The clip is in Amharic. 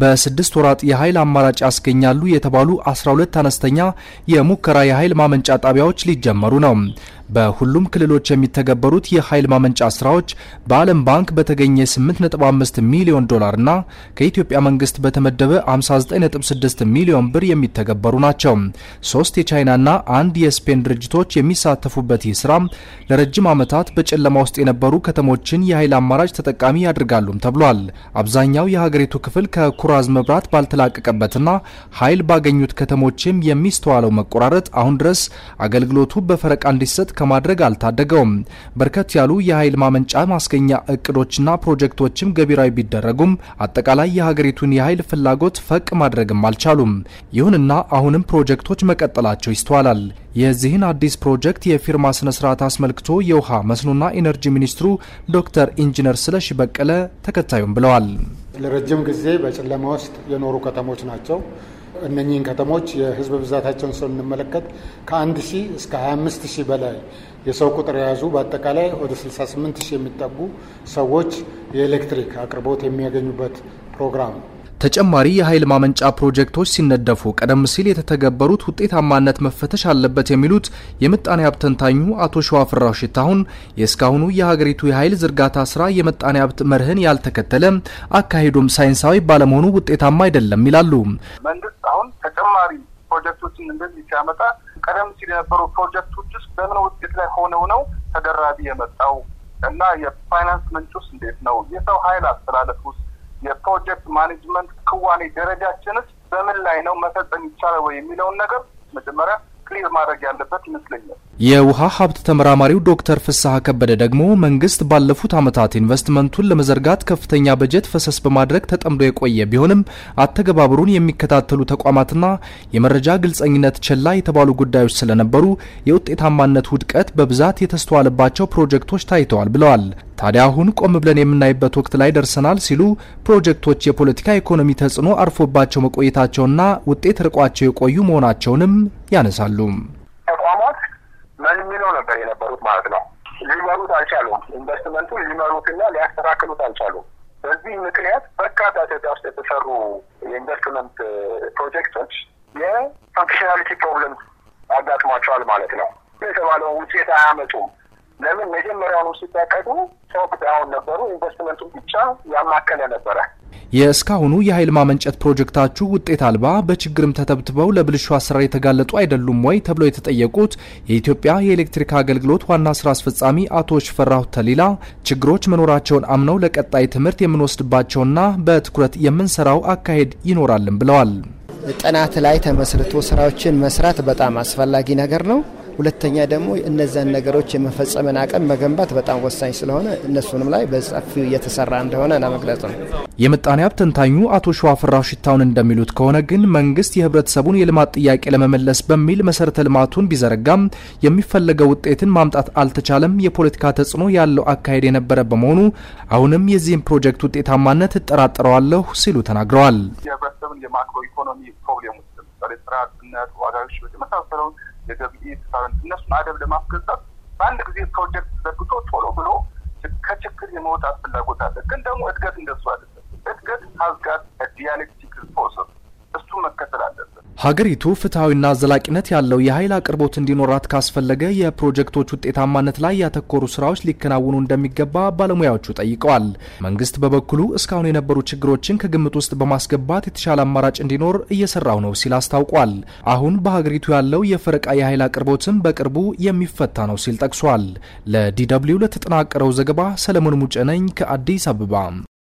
በስድስት ወራት የኃይል አማራጭ ያስገኛሉ የተባሉ 12 አነስተኛ የሙከራ የኃይል ማመንጫ ጣቢያዎች ሊጀመሩ ነው። በሁሉም ክልሎች የሚተገበሩት የኃይል ማመንጫ ስራዎች በዓለም ባንክ በተገኘ 8.5 ሚሊዮን ዶላር እና ከኢትዮጵያ መንግስት በተመደበ 596 ሚሊዮን ብር የሚተገበሩ ናቸው። ሶስት የቻይናና አንድ የስፔን ድርጅቶች የሚሳተፉበት ይህ ስራ ለረጅም ዓመታት በጨለማ ውስጥ የነበሩ ከተሞችን የኃይል አማራጭ ተጠቃሚ ያደርጋሉም ተብሏል። አብዛኛው የሀገሪቱ ክፍል ከኩራዝ መብራት ባልተላቀቀበትና ኃይል ባገኙት ከተሞችም የሚስተዋለው መቆራረጥ አሁን ድረስ አገልግሎቱ በፈረቃ እንዲሰጥ ከማድረግ አልታደገውም። በርከት ያሉ የኃይል ማመንጫ ማስገኛ እቅዶችና ፕሮጀክቶችም ገቢራዊ ቢደረጉም አጠቃላይ የሀገሪቱን የኃይል ፍላጎት ፈቅ ማድረግም አልቻሉም። ይሁንና አሁንም ፕሮጀክቶች መቀጠላቸው ይስተዋላል። የዚህን አዲስ ፕሮጀክት የፊርማ ስነ ስርዓት አስመልክቶ የውሃ መስኖና ኢነርጂ ሚኒስትሩ ዶክተር ኢንጂነር ስለሺ በቀለ ተከታዩም ብለዋል። ለረጅም ጊዜ በጨለማ ውስጥ የኖሩ ከተሞች ናቸው። እነኚህን ከተሞች የህዝብ ብዛታቸውን ስንመለከት ከአንድ ሺህ እስከ 25 ሺህ በላይ የሰው ቁጥር የያዙ በአጠቃላይ ወደ 68 ሺህ የሚጠጉ ሰዎች የኤሌክትሪክ አቅርቦት የሚያገኙበት ፕሮግራም ተጨማሪ የኃይል ማመንጫ ፕሮጀክቶች ሲነደፉ ቀደም ሲል የተተገበሩት ውጤታማነት መፈተሽ አለበት የሚሉት የምጣኔ ሀብት ተንታኙ አቶ ሸዋ ፍራው ሽታሁን የእስካሁኑ የሀገሪቱ የኃይል ዝርጋታ ስራ የምጣኔ ሀብት መርህን ያልተከተለ አካሄዱም ሳይንሳዊ ባለመሆኑ ውጤታማ አይደለም ይላሉ። መንግስት አሁን ተጨማሪ ፕሮጀክቶችን እንደዚህ ሲያመጣ ቀደም ሲል የነበሩ ፕሮጀክቶች ውስጥ በምን ውጤት ላይ ሆነው ነው ተደራቢ የመጣው እና የፋይናንስ ምንጭ ውስጥ እንዴት ነው የሰው ኃይል አስተላለፍ ውስጥ የፕሮጀክት ማኔጅመንት ክዋኔ ደረጃችንስ በምን ላይ ነው መፈጸም ይቻላል ወይ የሚለውን ነገር መጀመሪያ ክሊር ማድረግ ያለበት ይመስለኛል። የውሃ ሀብት ተመራማሪው ዶክተር ፍስሐ ከበደ ደግሞ መንግስት ባለፉት ዓመታት ኢንቨስትመንቱን ለመዘርጋት ከፍተኛ በጀት ፈሰስ በማድረግ ተጠምዶ የቆየ ቢሆንም አተገባበሩን የሚከታተሉ ተቋማትና የመረጃ ግልጸኝነት ችላ የተባሉ ጉዳዮች ስለነበሩ የውጤታማነት ውድቀት በብዛት የተስተዋለባቸው ፕሮጀክቶች ታይተዋል ብለዋል። ታዲያ አሁን ቆም ብለን የምናይበት ወቅት ላይ ደርሰናል ሲሉ ፕሮጀክቶች የፖለቲካ ኢኮኖሚ ተጽዕኖ አርፎባቸው መቆየታቸውና ውጤት ርቋቸው የቆዩ መሆናቸውንም ያነሳሉ። ተቋማት የሚለው ነበር የነበሩት ማለት ነው። ሊመሩት አልቻሉም። ኢንቨስትመንቱ ሊመሩትና ሊያስተካክሉት አልቻሉም። በዚህ ምክንያት በርካታ ኢትዮጵያ ውስጥ የተሰሩ የኢንቨስትመንት ፕሮጀክቶች የፋንክሽናሊቲ ፕሮብለም አጋጥሟቸዋል ማለት ነው። የተባለው ውጤት አያመጡም። ለምን መጀመሪያውኑ ሲታቀዱ ቶፕ ዳውን ነበሩ። ኢንቨስትመንቱ ብቻ ያማከለ ነበረ። የእስካሁኑ የኃይል ማመንጨት ፕሮጀክታችሁ ውጤት አልባ በችግርም ተተብትበው ለብልሹ አሰራር የተጋለጡ አይደሉም ወይ ተብለው የተጠየቁት የኢትዮጵያ የኤሌክትሪክ አገልግሎት ዋና ስራ አስፈጻሚ አቶ ሽፈራሁ ተሊላ ችግሮች መኖራቸውን አምነው ለቀጣይ ትምህርት የምንወስድባቸውና በትኩረት የምንሰራው አካሄድ ይኖራልን ብለዋል። ጥናት ላይ ተመስርቶ ስራዎችን መስራት በጣም አስፈላጊ ነገር ነው። ሁለተኛ ደግሞ እነዚያን ነገሮች የመፈጸምን አቅም መገንባት በጣም ወሳኝ ስለሆነ እነሱንም ላይ በሰፊው እየተሰራ እንደሆነ ለመግለጽ ነው። የምጣኔ ሀብት ተንታኙ አቶ ሸዋፍራው ሽታውን እንደሚሉት ከሆነ ግን መንግስት የህብረተሰቡን የልማት ጥያቄ ለመመለስ በሚል መሰረተ ልማቱን ቢዘረጋም የሚፈለገው ውጤትን ማምጣት አልተቻለም። የፖለቲካ ተጽዕኖ ያለው አካሄድ የነበረ በመሆኑ አሁንም የዚህም ፕሮጀክት ውጤታማነት እጠራጥረዋለሁ ሲሉ ተናግረዋል። የህብረተሰብን የማክሮ ኢኮኖሚ ፕሮብሌም ውስጥ ለምሳሌ ስራ አጥነት፣ ዋጋ ግሽበት የመሳሰለውን የገቢ የገብይት እነሱን አደብ ለማስገዛት በአንድ ጊዜ ፕሮጀክት ዘግቶ ቶሎ ብሎ ከችግር የመውጣት ፍላጎት አለ። ግን ደግሞ እድገት እንደሱ አለ። እድገት ሀዝጋት ዲያሌክት ሀገሪቱ ፍትሐዊና ዘላቂነት ያለው የኃይል አቅርቦት እንዲኖራት ካስፈለገ የፕሮጀክቶች ውጤታማነት ላይ ያተኮሩ ስራዎች ሊከናወኑ እንደሚገባ ባለሙያዎቹ ጠይቀዋል። መንግስት በበኩሉ እስካሁን የነበሩ ችግሮችን ከግምት ውስጥ በማስገባት የተሻለ አማራጭ እንዲኖር እየሰራው ነው ሲል አስታውቋል። አሁን በሀገሪቱ ያለው የፈረቃ የኃይል አቅርቦትም በቅርቡ የሚፈታ ነው ሲል ጠቅሷል። ለዲ ደብልዩ ለተጠናቀረው ዘገባ ሰለሞን ሙጨነኝ ከአዲስ አበባ